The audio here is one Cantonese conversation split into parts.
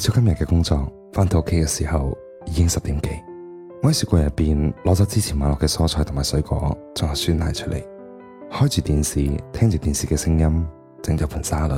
做今日嘅工作，翻到屋企嘅時候已經十點幾。我喺雪櫃入邊攞咗之前買落嘅蔬菜同埋水果，仲有酸奶出嚟。開住電視，聽住電視嘅聲音，整咗盤沙律。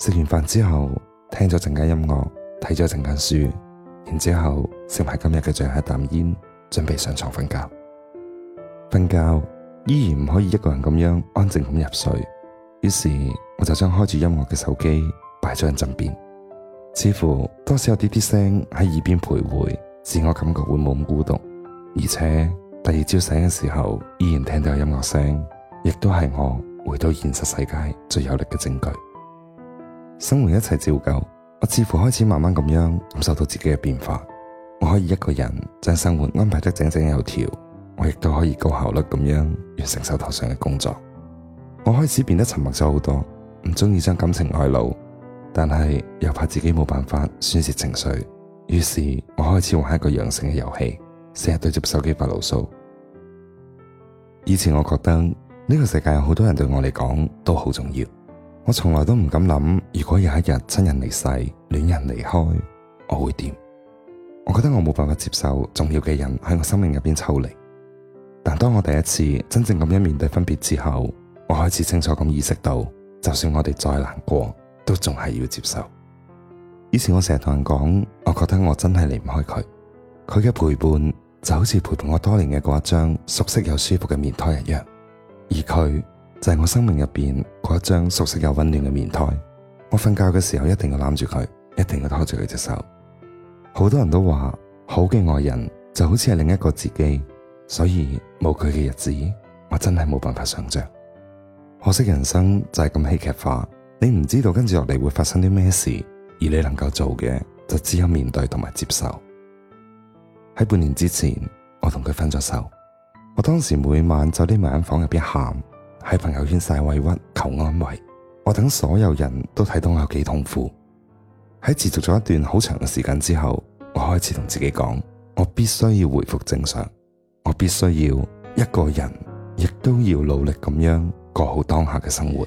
食完飯之後，聽咗陣間音樂，睇咗陣間書，然之後食埋今日嘅最後一啖煙，準備上床瞓覺。瞓覺依然唔可以一個人咁樣安靜咁入睡，於是我就將開住音樂嘅手機擺咗喺枕邊。似乎多少有啲啲聲喺耳邊徘徊，自我感覺會冇咁孤獨。而且第二朝醒嘅時候，依然聽到音樂聲，亦都係我回到現實世界最有力嘅證據。生活一切照舊，我似乎開始慢慢咁樣感受到自己嘅變化。我可以一個人將生活安排得井井有條，我亦都可以高效率咁樣完成手頭上嘅工作。我開始變得沉默咗好多，唔中意將感情外露。但係又怕自己冇辦法宣泄情緒，於是我開始玩一個養成嘅遊戲，成日對住手機發牢騷。以前我覺得呢個世界有好多人對我嚟講都好重要，我從來都唔敢諗，如果有一日親人離世、戀人離開，我會點？我覺得我冇辦法接受重要嘅人喺我生命入邊抽離。但當我第一次真正咁樣面對分別之後，我開始清楚咁意識到，就算我哋再難過。都仲係要接受。以前我成日同人講，我覺得我真係離唔開佢。佢嘅陪伴就好似陪伴我多年嘅嗰一張熟悉又舒服嘅棉胎一樣。而佢就係我生命入邊嗰一張熟悉又溫暖嘅棉胎。我瞓覺嘅時候一定要攬住佢，一定要拖住佢隻手。好多人都話好嘅愛人就好似係另一個自己，所以冇佢嘅日子，我真係冇辦法想象。可惜人生就係咁戲劇化。你唔知道跟住落嚟會發生啲咩事，而你能夠做嘅就只有面對同埋接受。喺半年之前，我同佢分咗手，我當時每晚就匿埋喺房入邊喊，喺朋友圈晒委屈求安慰。我等所有人都睇到我有幾痛苦。喺持續咗一段好長嘅時間之後，我開始同自己講，我必須要回復正常，我必須要一個人，亦都要努力咁樣過好當下嘅生活。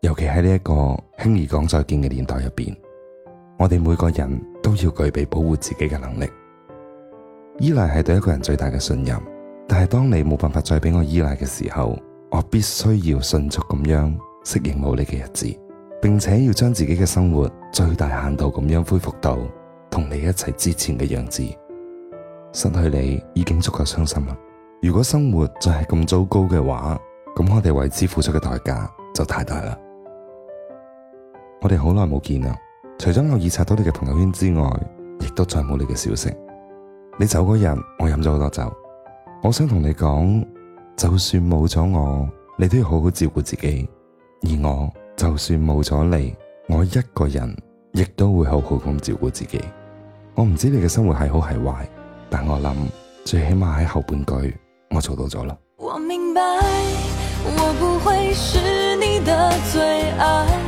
尤其喺呢一個輕易講再見嘅年代入邊，我哋每個人都要具備保護自己嘅能力。依賴係對一個人最大嘅信任，但係當你冇辦法再俾我依賴嘅時候，我必須要迅速咁樣適應冇你嘅日子，並且要將自己嘅生活最大限度咁樣恢復到同你一齊之前嘅樣子。失去你已經足夠傷心啦。如果生活就係咁糟糕嘅話，咁我哋為之付出嘅代價就太大啦。我哋好耐冇見啦，除咗偶爾刷到你嘅朋友圈之外，亦都再冇你嘅消息。你走嗰日，我飲咗好多酒。我想同你講，就算冇咗我，你都要好好照顧自己；而我就算冇咗你，我一個人亦都會好好咁照顧自己。我唔知你嘅生活係好係壞，但我諗最起碼喺後半句，我做到咗啦。我明白，我不會是你嘅最愛。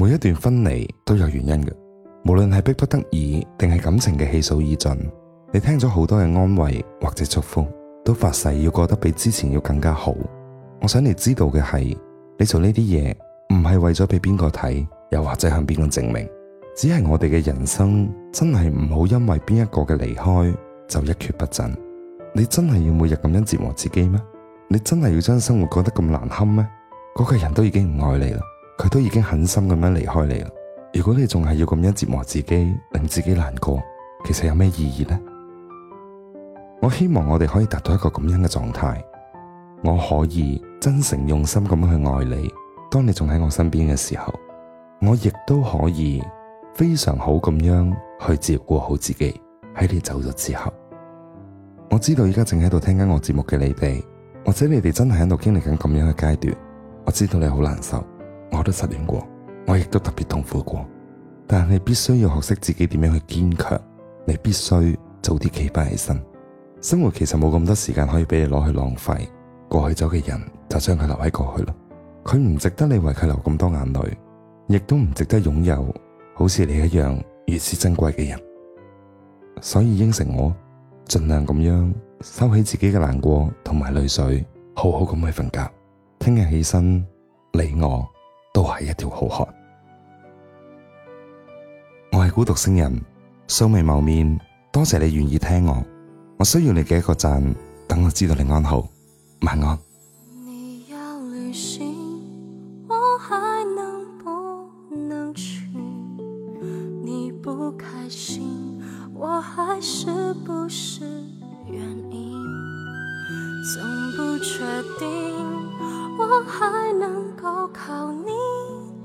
每一段分離都有原因嘅，無論係逼不得已定係感情嘅氣數已盡。你聽咗好多嘅安慰或者祝福，都發誓要過得比之前要更加好。我想你知道嘅係，你做呢啲嘢唔係為咗俾邊個睇，又或者向邊個證明，只係我哋嘅人生真係唔好因為邊一個嘅離開就一蹶不振。你真係要每日咁樣折磨自己咩？你真係要將生活過得咁難堪咩？嗰個人都已經唔愛你啦。佢都已經狠心咁樣離開你啦。如果你仲係要咁樣折磨自己，令自己難過，其實有咩意義呢？我希望我哋可以達到一個咁樣嘅狀態。我可以真誠用心咁樣去愛你。當你仲喺我身邊嘅時候，我亦都可以非常好咁樣去照顧好自己。喺你走咗之後，我知道而家正喺度聽緊我節目嘅你哋，或者你哋真係喺度經歷緊咁樣嘅階段，我知道你好難受。我都失戀過，我亦都特別痛苦過，但係必須要學識自己點樣去堅強。你必須早啲企翻起身，生活其實冇咁多時間可以俾你攞去浪費。過去咗嘅人就將佢留喺過去啦，佢唔值得你為佢流咁多眼淚，亦都唔值得擁有好似你一樣如此珍貴嘅人。所以應承我，盡量咁樣收起自己嘅難過同埋淚水，好好咁去瞓覺。聽日起身，你我，都係一條好漢，我係孤獨星人，素未謀面，多謝你願意聽我，我需要你嘅一個贊，等我知道你安好，晚安。